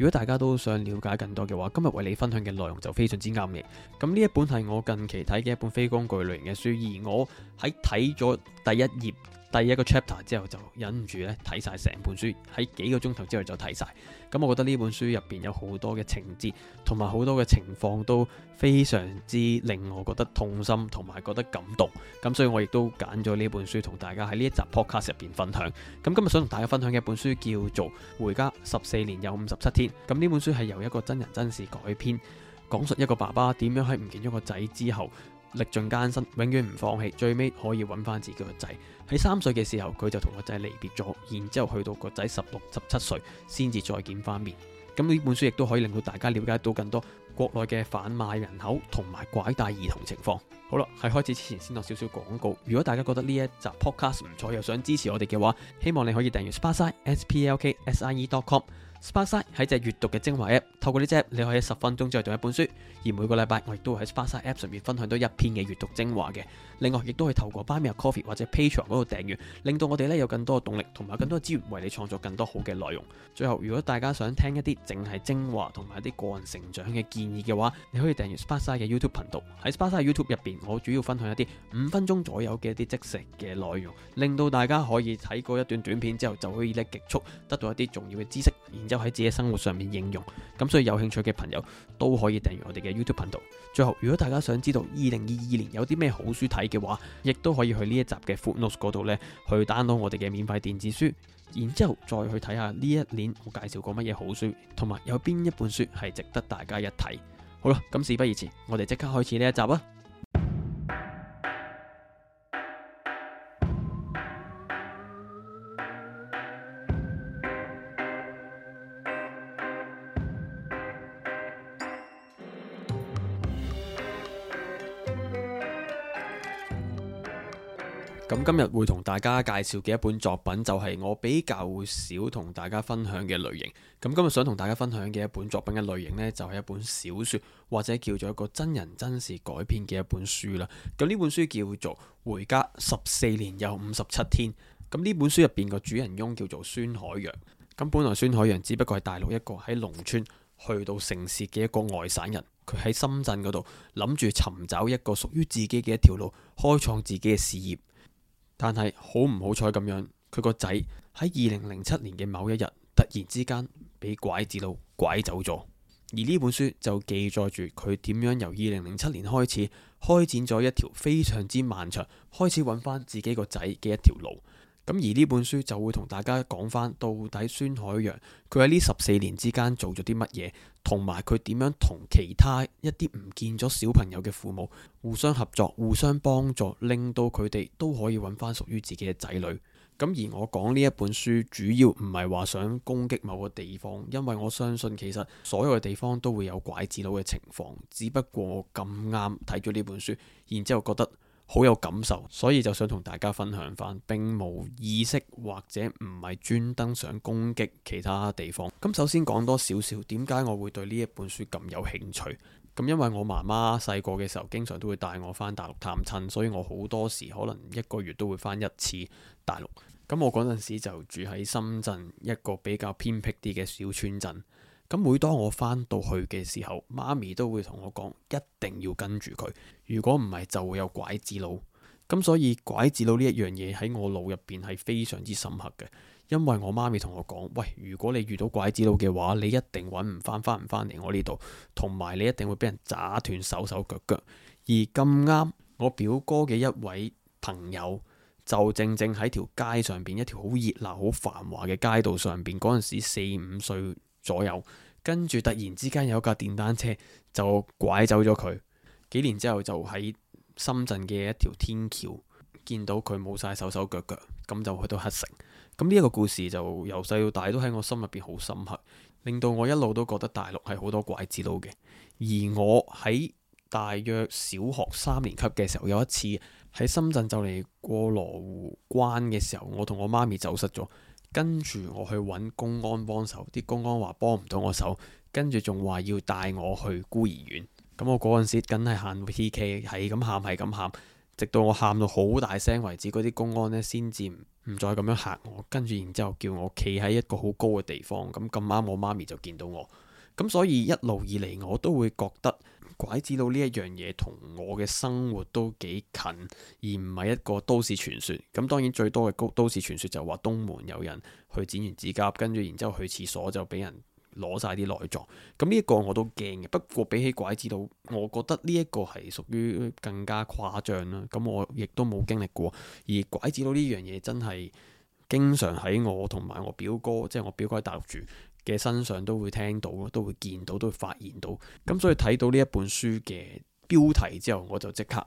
如果大家都想了解更多嘅話，今日為你分享嘅內容就非常之啱你。咁呢一本係我近期睇嘅一本非工具類型嘅書，而我喺睇咗第一頁。第一個 chapter 之後就忍唔住咧睇晒成本書，喺幾個鐘頭之後就睇晒。咁我覺得呢本書入邊有好多嘅情節，同埋好多嘅情況都非常之令我覺得痛心，同埋覺得感動。咁所以我亦都揀咗呢本書同大家喺呢一集 podcast 入邊分享。咁今日想同大家分享嘅一本書叫做《回家十四年有五十七天》。咁呢本書係由一個真人真事改編，講述一個爸爸點樣喺唔見咗個仔之後。歷盡艱辛，永遠唔放棄，最尾可以揾翻自己個仔。喺三歲嘅時候，佢就同個仔離別咗，然之後去到個仔十六、十七歲先至再見翻面。咁呢本書亦都可以令到大家了解到更多國內嘅販賣人口同埋拐帶兒童情況。好啦，喺開始之前先落少少廣告。如果大家覺得呢一集 podcast 唔錯，又想支持我哋嘅話，希望你可以訂閱 spike s p l k s i e dot com。Sparkside 係隻閱讀嘅精華 App，透過呢隻，你可以喺十分鐘之後讀一本書。而每個禮拜我亦都會喺 Sparkside App 上面分享到一篇嘅閱讀精華嘅。另外，亦都係透過 Buy Me a Coffee 或者 Patreon 嗰度訂閱，令到我哋咧有更多嘅動力同埋更多嘅資源為你創作更多好嘅內容。最後，如果大家想聽一啲淨係精華同埋一啲個人成長嘅建議嘅話，你可以訂閱 Sparkside 嘅 YouTube 頻道。喺 Sparkside YouTube 入邊，我主要分享一啲五分鐘左右嘅一啲即食嘅內容，令到大家可以睇過一段短片之後就可以咧極速得到一啲重要嘅知識然之後喺自己生活上面應用，咁所以有興趣嘅朋友都可以訂閱我哋嘅 YouTube 頻道。最後，如果大家想知道二零二二年有啲咩好書睇嘅話，亦都可以去呢一集嘅 Footnotes 嗰度呢去 download 我哋嘅免費電子書，然之後再去睇下呢一年我介紹過乜嘢好書，同埋有邊一本書係值得大家一睇。好啦，咁事不宜遲，我哋即刻開始呢一集啊！今日會同大家介紹嘅一本作品，就係我比較少同大家分享嘅類型。咁今日想同大家分享嘅一本作品嘅類型呢，就係一本小說，或者叫做一個真人真事改編嘅一本書啦。咁呢本書叫做《回家十四年有五十七天》。咁呢本書入邊個主人翁叫做孫海洋。咁本來孫海洋只不過係大陸一個喺農村去到城市嘅一個外省人，佢喺深圳嗰度諗住尋找一個屬於自己嘅一條路，開創自己嘅事業。但係好唔好彩咁樣，佢個仔喺二零零七年嘅某一日，突然之間俾拐子佬拐走咗。而呢本書就記載住佢點樣由二零零七年開始，開展咗一條非常之漫長，開始揾翻自己個仔嘅一條路。咁而呢本書就會同大家講翻到底孫海洋佢喺呢十四年之間做咗啲乜嘢，同埋佢點樣同其他一啲唔見咗小朋友嘅父母互相合作、互相幫助，令到佢哋都可以揾翻屬於自己嘅仔女。咁而我講呢一本書，主要唔係話想攻擊某個地方，因為我相信其實所有嘅地方都會有拐子佬嘅情況，只不過我咁啱睇咗呢本書，然之後覺得好有感受，所以就想同大家分享翻，並無意識或者唔係專登上攻擊其他地方。咁首先講多少少，點解我會對呢一本書咁有興趣？咁因為我媽媽細個嘅時候，經常都會帶我翻大陸探親，所以我好多時可能一個月都會翻一次大陸。咁我嗰陣時就住喺深圳一個比較偏僻啲嘅小村鎮。咁每當我翻到去嘅時候，媽咪都會同我講，一定要跟住佢。如果唔係就會有拐子佬。咁所以拐子佬呢一樣嘢喺我腦入邊係非常之深刻嘅，因為我媽咪同我講：喂，如果你遇到拐子佬嘅話，你一定揾唔翻，翻唔翻嚟我呢度，同埋你一定會俾人砸斷手手腳腳。而咁啱我表哥嘅一位朋友就正正喺條街上邊一條好熱鬧、好繁華嘅街道上邊嗰陣時四五歲左右，跟住突然之間有架電單車就拐走咗佢。幾年之後就喺深圳嘅一條天橋見到佢冇晒手手腳腳，咁就去到黑城。咁呢一個故事就由細到大都喺我心入邊好深刻，令到我一路都覺得大陸係好多拐子佬嘅。而我喺大約小學三年級嘅時候，有一次喺深圳就嚟過羅湖關嘅時候，我同我媽咪走失咗。跟住我去揾公安幫手，啲公安話幫唔到我手，跟住仲話要帶我去孤兒院。咁我嗰陣時梗係喊 PK，係咁喊係咁喊，直到我喊到好大聲為止，嗰啲公安呢先至唔再咁樣嚇我。跟住然之後叫我企喺一個好高嘅地方，咁咁啱我媽咪就見到我。咁所以一路以嚟我都會覺得，拐子佬呢一樣嘢同我嘅生活都幾近，而唔係一個都市傳說。咁當然最多嘅都市傳說就話東門有人去剪完指甲，跟住然之後去廁所就俾人攞晒啲內臟。咁呢一個我都驚嘅。不過比起拐子佬，我覺得呢一個係屬於更加誇張啦。咁我亦都冇經歷過。而拐子佬呢樣嘢真係經常喺我同埋我表哥，即係我表哥喺大陸住。嘅身上都會聽到咯，都會見到，都會發現到。咁所以睇到呢一本書嘅標題之後，我就即刻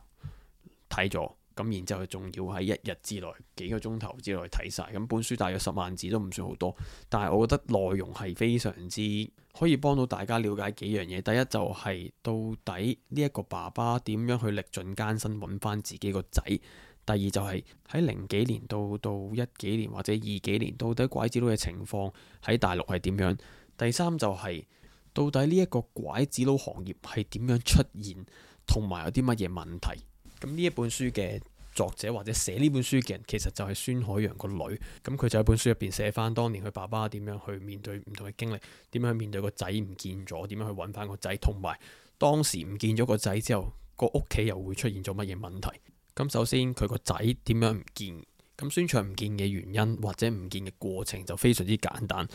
睇咗。咁然之後仲要喺一日之內幾個鐘頭之內睇晒。咁本書大約十萬字都唔算好多，但係我覺得內容係非常之可以幫到大家了解幾樣嘢。第一就係、是、到底呢一個爸爸點樣去歷盡艱辛揾翻自己個仔。第二就係，喺零幾年到到一幾年或者二幾年，到底拐子佬嘅情況喺大陸係點樣？第三就係，到底呢一個拐子佬行業係點樣出現，同埋有啲乜嘢問題？咁呢一本書嘅作者或者寫呢本書嘅人，其實就係孫海洋個女。咁佢就喺本書入邊寫翻當年佢爸爸點樣去面對唔同嘅經歷，點樣去面對個仔唔見咗，點樣去揾翻個仔，同埋當時唔見咗個仔之後，個屋企又會出現咗乜嘢問題？咁首先佢個仔點樣唔見？咁孫卓唔見嘅原因或者唔見嘅過程就非常之簡單，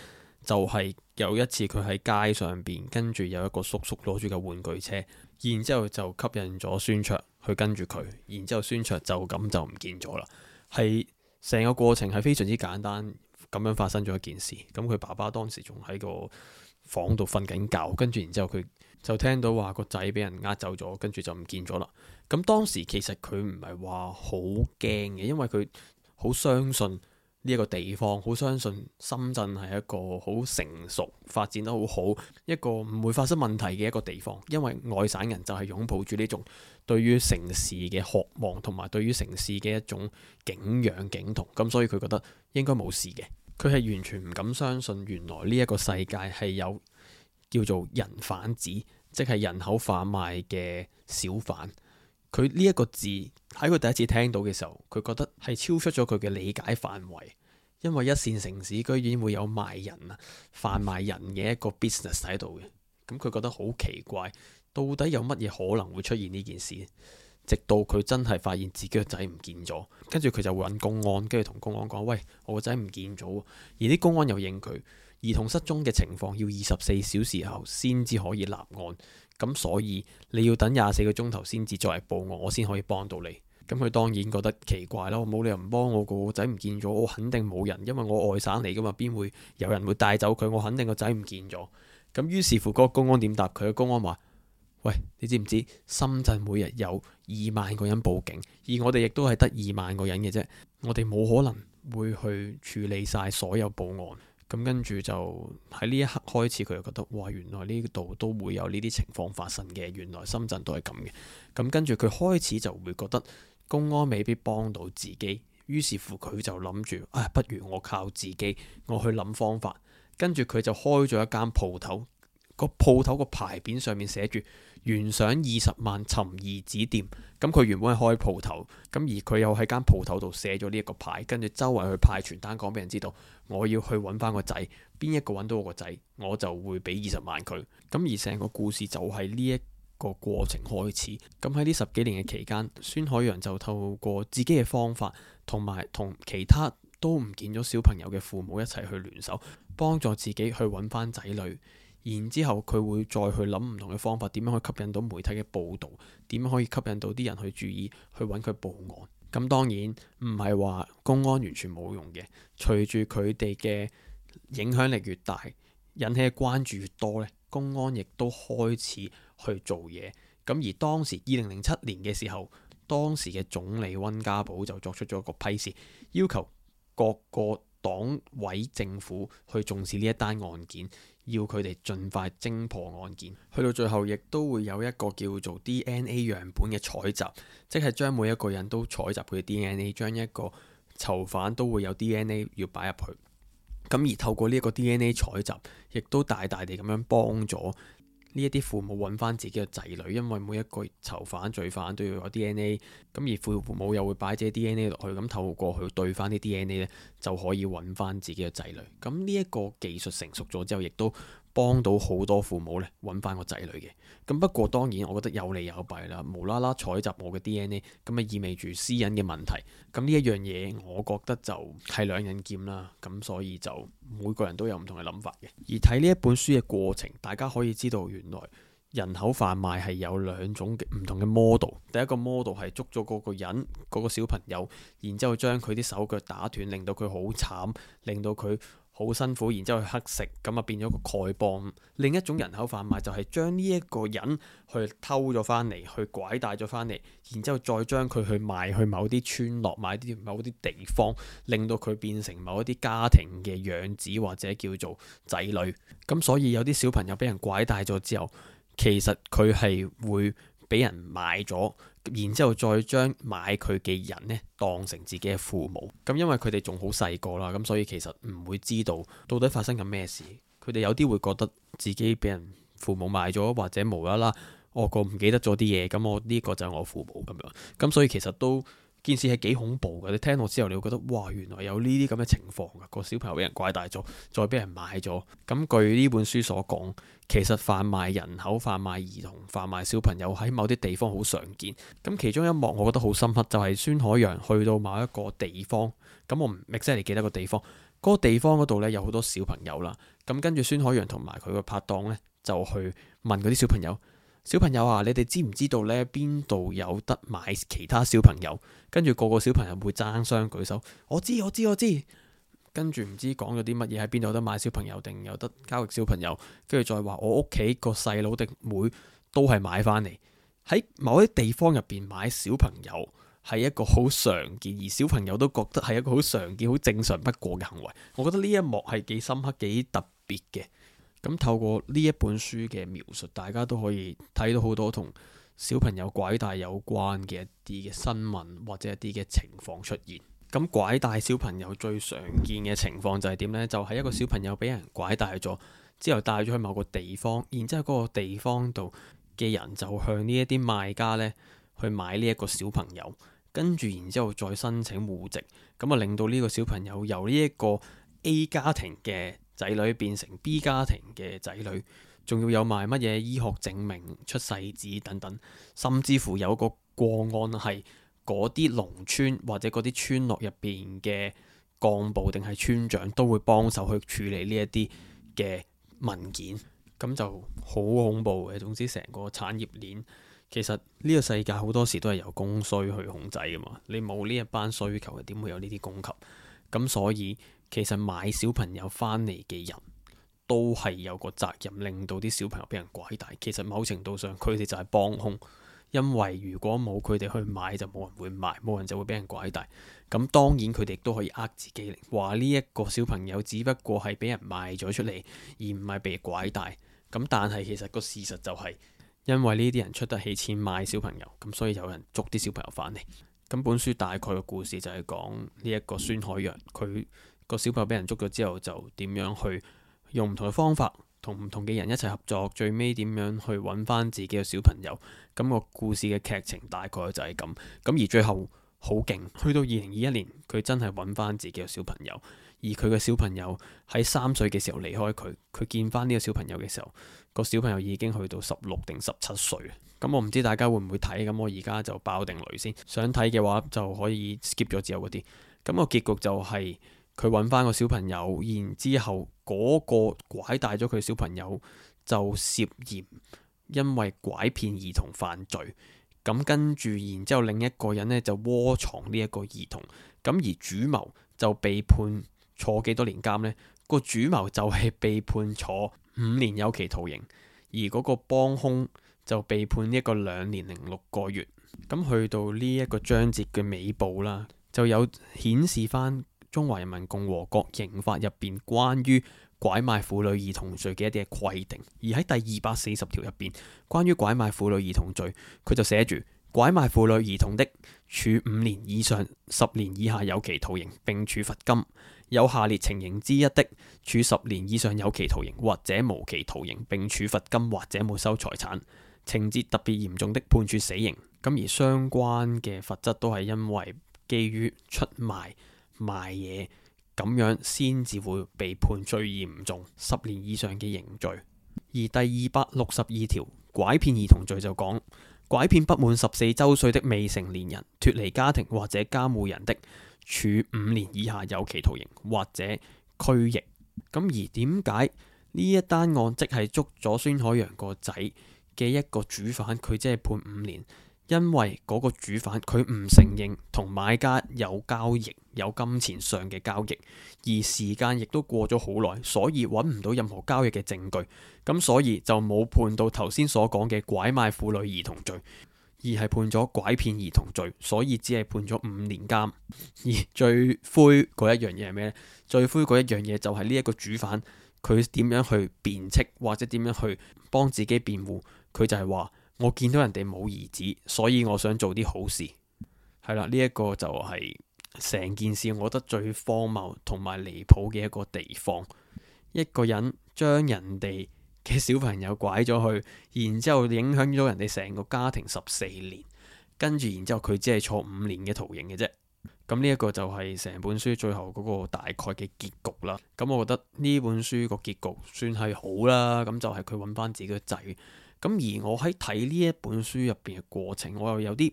就係有一次佢喺街上邊，跟住有一個叔叔攞住個玩具車，然之後就吸引咗孫卓去跟住佢，然之後孫卓就咁就唔見咗啦。係成個過程係非常之簡單咁樣發生咗一件事。咁佢爸爸當時仲喺個房度瞓緊覺，跟住然之後佢就聽到話個仔俾人呃走咗，跟住就唔見咗啦。咁當時其實佢唔係話好驚嘅，因為佢好相信呢一個地方，好相信深圳係一個好成熟、發展得好好一個唔會發生問題嘅一個地方。因為外省人就係擁抱住呢種對於城市嘅渴望，同埋對於城市嘅一種景仰景、景同。咁所以佢覺得應該冇事嘅。佢係完全唔敢相信，原來呢一個世界係有叫做人販子，即係人口販賣嘅小販。佢呢一個字，喺佢第一次聽到嘅時候，佢覺得係超出咗佢嘅理解範圍，因為一線城市居然會有賣人啊、販賣人嘅一個 business 喺度嘅。咁佢覺得好奇怪，到底有乜嘢可能會出現呢件事？直到佢真係發現自己個仔唔見咗，跟住佢就揾公安，跟住同公安講：喂，我個仔唔見咗。而啲公安又認佢，兒童失蹤嘅情況要二十四小時後先至可以立案，咁所以你要等廿四個鐘頭先至再嚟報案，我先可以幫到你。咁佢當然覺得奇怪囉，冇理由唔幫我，個仔唔見咗，我肯定冇人，因為我外省嚟噶嘛，邊會有人會帶走佢？我肯定個仔唔見咗。咁於是乎，嗰個公安點答佢？公安話：喂，你知唔知深圳每日有二萬個人報警，而我哋亦都係得二萬個人嘅啫，我哋冇可能會去處理晒所有報案。咁跟住就喺呢一刻開始，佢就覺得哇，原來呢度都會有呢啲情況發生嘅，原來深圳都係咁嘅。咁跟住佢開始就會覺得公安未必幫到自己，於是乎佢就諗住，啊、哎，不如我靠自己，我去諗方法。跟住佢就開咗一間鋪頭。個鋪頭個牌匾，上面寫住懸賞二十萬尋兒子店，咁佢原本係開鋪頭，咁而佢又喺間鋪頭度寫咗呢一個牌，跟住周圍去派傳單，講俾人知道我要去揾翻個仔，邊一個揾到我個仔，我就會俾二十萬佢。咁而成個故事就係呢一個過程開始。咁喺呢十幾年嘅期間，孫海洋就透過自己嘅方法，同埋同其他都唔見咗小朋友嘅父母一齊去聯手，幫助自己去揾翻仔女。然之後，佢會再去諗唔同嘅方法，點樣去吸引到媒體嘅報導，點樣可以吸引到啲人去注意，去揾佢報案。咁當然唔係話公安完全冇用嘅。隨住佢哋嘅影響力越大，引起嘅關注越多咧，公安亦都開始去做嘢。咁而當時二零零七年嘅時候，當時嘅總理溫家寶就作出咗個批示，要求各個黨委政府去重視呢一單案件。要佢哋盡快偵破案件，去到最後亦都會有一個叫做 DNA 樣本嘅採集，即係將每一個人都採集佢嘅 DNA，將一個囚犯都會有 DNA 要擺入去，咁而透過呢個 DNA 採集，亦都大大地咁樣幫助。呢一啲父母揾翻自己嘅仔女，因為每一個囚犯、罪犯都要有 DNA，咁而父父母又會擺啲 DNA 落去，咁透過佢對翻啲 DNA 呢，就可以揾翻自己嘅仔女。咁呢一個技術成熟咗之後，亦都，幫到好多父母咧，揾翻個仔女嘅。咁不過當然，我覺得有利有弊啦。無啦啦採集我嘅 DNA，咁啊意味住私隱嘅問題。咁呢一樣嘢，我覺得就係兩刃劍啦。咁所以就每個人都有唔同嘅諗法嘅。而睇呢一本書嘅過程，大家可以知道原來人口販賣係有兩種唔同嘅 model。第一個 model 係捉咗嗰個人，嗰、嗰個小朋友，然之後將佢啲手腳打斷，令到佢好慘，令到佢。好辛苦，然之後去乞食，咁啊變咗個丐幫。另一種人口販賣就係將呢一個人去偷咗翻嚟，去拐帶咗翻嚟，然之後再將佢去賣去某啲村落，賣啲某啲地方，令到佢變成某一啲家庭嘅養子或者叫做仔女。咁所以有啲小朋友俾人拐帶咗之後，其實佢係會。俾人買咗，然之後再將買佢嘅人呢當成自己嘅父母。咁因為佢哋仲好細個啦，咁所以其實唔會知道到底發生緊咩事。佢哋有啲會覺得自己俾人父母買咗，或者無啦啦我個唔記得咗啲嘢。咁我呢個就係我父母咁樣。咁所以其實都。件事係幾恐怖嘅，你聽到之後，你會覺得哇，原來有呢啲咁嘅情況嘅，個小朋友俾人拐大咗，再俾人買咗。咁據呢本書所講，其實販賣人口、販賣兒童、販賣小朋友喺某啲地方好常見。咁其中一幕我覺得好深刻，就係孫海洋去到某一個地方，咁我唔 exactly 記得個地方，嗰個地方嗰度呢有好多小朋友啦。咁跟住孫海洋同埋佢個拍檔呢，就去問嗰啲小朋友。小朋友啊，你哋知唔知道呢邊度有得買其他小朋友？跟住個個小朋友會爭相舉手。我知，我知，我知。跟住唔知講咗啲乜嘢喺邊度有得買小朋友，定有得交易小朋友？跟住再話我屋企個細佬定妹都係買翻嚟。喺某啲地方入邊買小朋友係一個好常見，而小朋友都覺得係一個好常見、好正常不過嘅行為。我覺得呢一幕係幾深刻、幾特別嘅。咁透過呢一本書嘅描述，大家都可以睇到好多同小朋友拐帶有關嘅一啲嘅新聞或者一啲嘅情況出現。咁拐帶小朋友最常見嘅情況就係點呢？就係一個小朋友俾人拐帶咗之後，帶咗去某個地方，然之後嗰個地方度嘅人就向呢一啲賣家呢去買呢一個小朋友，跟住然之後再申請戶籍，咁啊令到呢個小朋友由呢一個 A 家庭嘅。仔女變成 B 家庭嘅仔女，仲要有埋乜嘢醫學證明、出世紙等等，甚至乎有個個案係嗰啲農村或者嗰啲村落入邊嘅幹部定係村長都會幫手去處理呢一啲嘅文件，咁就好恐怖嘅。總之，成個產業鏈其實呢個世界好多時都係由供需去控制噶嘛，你冇呢一班需求，點會有呢啲供給？咁所以。其實買小朋友翻嚟嘅人都係有個責任，令到啲小朋友俾人拐帶。其實某程度上，佢哋就係幫兇，因為如果冇佢哋去買，就冇人會買，冇人就會俾人拐帶。咁當然佢哋都可以呃自己，話呢一個小朋友只不過係俾人賣咗出嚟，而唔係被人拐帶。咁但係其實個事實就係，因為呢啲人出得起錢買小朋友，咁所以有人捉啲小朋友翻嚟。咁本書大概嘅故事就係講呢一個孫海洋，佢。個小朋友俾人捉咗之後，就點樣去用唔同嘅方法，同唔同嘅人一齊合作，最尾點樣去揾翻自己嘅小朋友？咁個故事嘅劇情大概就係咁。咁而最後好勁，去到二零二一年，佢真係揾翻自己嘅小朋友。而佢嘅小朋友喺三歲嘅時候離開佢，佢見翻呢個小朋友嘅時候，個小朋友已經去到十六定十七歲。咁我唔知大家會唔會睇，咁我而家就爆定雷先。想睇嘅話就可以 skip 咗之後嗰啲。咁個結局就係。佢揾翻個小朋友，然之後嗰個拐帶咗佢小朋友就涉嫌因為拐騙兒童犯罪，咁跟住，然之後另一個人呢就窩藏呢一個兒童，咁而主謀就被判坐幾多年監，呢個主謀就係被判坐五年有期徒刑，而嗰個幫兇就被判一個兩年零六個月。咁去到呢一個章節嘅尾部啦，就有顯示翻。《中華人民共和國刑法》入邊關於拐賣婦女兒童罪嘅一啲嘅規定，而喺第二百四十條入邊關於拐賣婦女兒童罪，佢就寫住拐賣婦女兒童的，處五年以上十年以下有期徒刑，並處罰金；有下列情形之一的，處十年以上有期徒刑或者無期徒刑，並處罰金或者沒收財產；情節特別嚴重的，判處死刑。咁而相關嘅罰則都係因為基於出賣。賣嘢咁樣先至會被判最嚴重，十年以上嘅刑罪。而第二百六十二條拐騙兒童罪就講，拐騙不滿十四周歲的未成年人脫離家庭或者監護人的，處五年以下有期徒刑或者拘役。咁而點解呢一單案即係捉咗孫海洋個仔嘅一個主犯，佢即係判五年？因為嗰個主犯佢唔承認同買家有交易，有金錢上嘅交易，而時間亦都過咗好耐，所以揾唔到任何交易嘅證據，咁所以就冇判到頭先所講嘅拐賣婦女兒童罪，而係判咗拐騙兒童罪，所以只係判咗五年監。而最灰嗰一樣嘢係咩呢？最灰嗰一樣嘢就係呢一個主犯佢點樣去辯斥，或者點樣去幫自己辯護，佢就係話。我見到人哋冇兒子，所以我想做啲好事。係啦，呢一個就係成件事，我覺得最荒謬同埋離譜嘅一個地方。一個人將人哋嘅小朋友拐咗去，然之後影響咗人哋成個家庭十四年，跟住然之後佢只係坐五年嘅徒刑嘅啫。咁呢一個就係成本書最後嗰個大概嘅結局啦。咁我覺得呢本書個結局算係好啦。咁就係佢揾翻自己嘅仔。咁而我喺睇呢一本書入邊嘅過程，我又有啲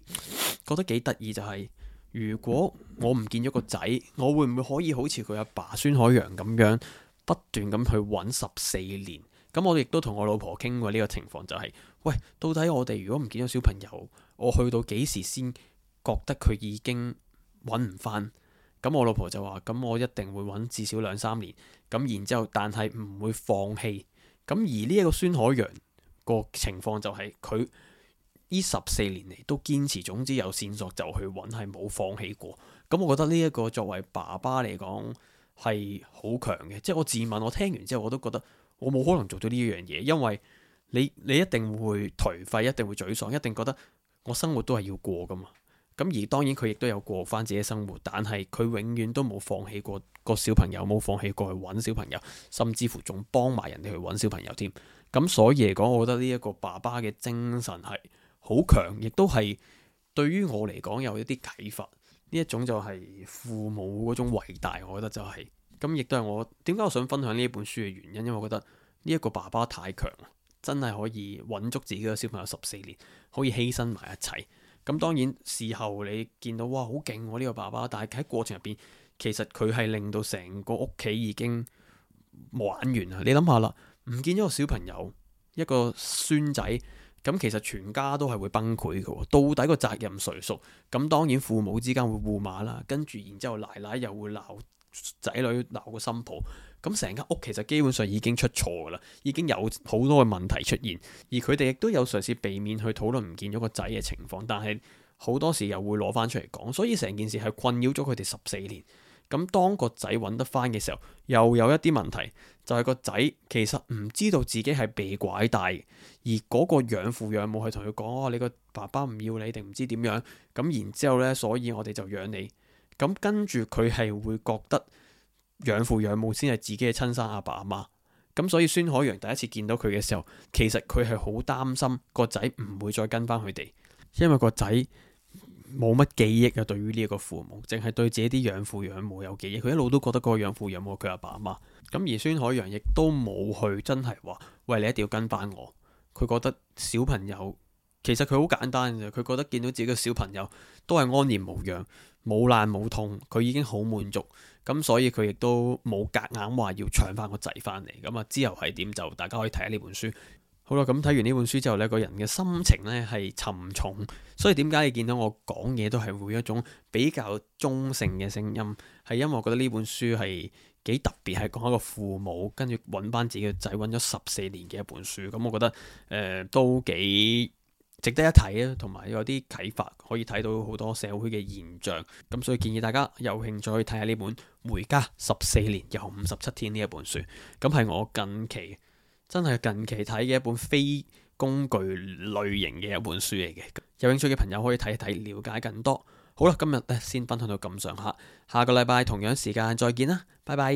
覺得幾得意，就係如果我唔見咗個仔，我會唔會可以好似佢阿爸孫海洋咁樣不斷咁去揾十四年？咁我亦都同我老婆傾過呢個情況，就係喂，到底我哋如果唔見咗小朋友，我去到幾時先覺得佢已經揾唔翻？咁我老婆就話咁，我一定會揾至少兩三年。咁然之後，但係唔會放棄。咁而呢一個孫海洋。個情況就係佢呢十四年嚟都堅持，總之有線索就去揾，係冇放棄過。咁我覺得呢一個作為爸爸嚟講係好強嘅，即係我自問，我聽完之後我都覺得我冇可能做到呢一樣嘢，因為你你一定會頹廢，一定會沮喪，一定覺得我生活都係要過㗎嘛。咁而當然佢亦都有過翻自己生活，但係佢永遠都冇放棄過個小朋友，冇放棄過去揾小朋友，甚至乎仲幫埋人哋去揾小朋友添。咁所以嚟講，我覺得呢一個爸爸嘅精神係好強，亦都係對於我嚟講有一啲啟發。呢一種就係父母嗰種偉大，我覺得就係、是、咁，亦都係我點解我想分享呢本書嘅原因，因為我覺得呢一個爸爸太強，真係可以揾足自己個小朋友十四年，可以犧牲埋一切。咁當然事後你見到哇，好勁喎呢個爸爸，但係喺過程入邊，其實佢係令到成個屋企已經玩完啦。你諗下啦，唔見咗個小朋友一個孫仔，咁其實全家都係會崩潰嘅。到底個責任誰屬？咁當然父母之間會互罵啦，跟住然之後奶奶又會鬧仔女鬧個新抱。咁成間屋其實基本上已經出錯噶啦，已經有好多嘅問題出現，而佢哋亦都有嘗試避免去討論唔見咗個仔嘅情況，但係好多時又會攞翻出嚟講，所以成件事係困擾咗佢哋十四年。咁當個仔揾得翻嘅時候，又有一啲問題，就係個仔其實唔知道自己係被拐帶，而嗰個養父養母係同佢講：哦，你個爸爸唔要你，定唔知點樣，咁然之後呢，所以我哋就養你。咁跟住佢係會覺得。養父養母先係自己嘅親生阿爸阿媽，咁所以孫海洋第一次見到佢嘅時候，其實佢係好擔心個仔唔會再跟翻佢哋，因為個仔冇乜記憶啊，對於呢個父母，淨係對自己啲養父養母有記憶。佢一路都覺得嗰個養父養母係佢阿爸阿媽，咁而孫海洋亦都冇去真係話，喂，你一定要跟翻我。佢覺得小朋友其實佢好簡單嘅，佢覺得見到自己嘅小朋友都係安然無恙，冇爛冇痛，佢已經好滿足。咁所以佢亦都冇夾硬話要搶翻個仔翻嚟，咁啊之後係點就大家可以睇下呢本書，好啦，咁睇完呢本書之後呢個人嘅心情呢係沉重，所以點解你見到我講嘢都係有一種比較中性嘅聲音，係因為我覺得呢本書係幾特別，係講一個父母跟住揾翻自己嘅仔揾咗十四年嘅一本書，咁我覺得，呃，都幾。值得一睇啊，同埋有啲啟發，可以睇到好多社會嘅現象。咁所以建議大家有興趣去睇下呢本《回家十四年又五十七天》呢一本書。咁係我近期真係近期睇嘅一本非工具類型嘅一本書嚟嘅。有興趣嘅朋友可以睇一睇，了解更多。好啦，今日咧先分享到咁上下，下個禮拜同樣時間再見啦，拜拜。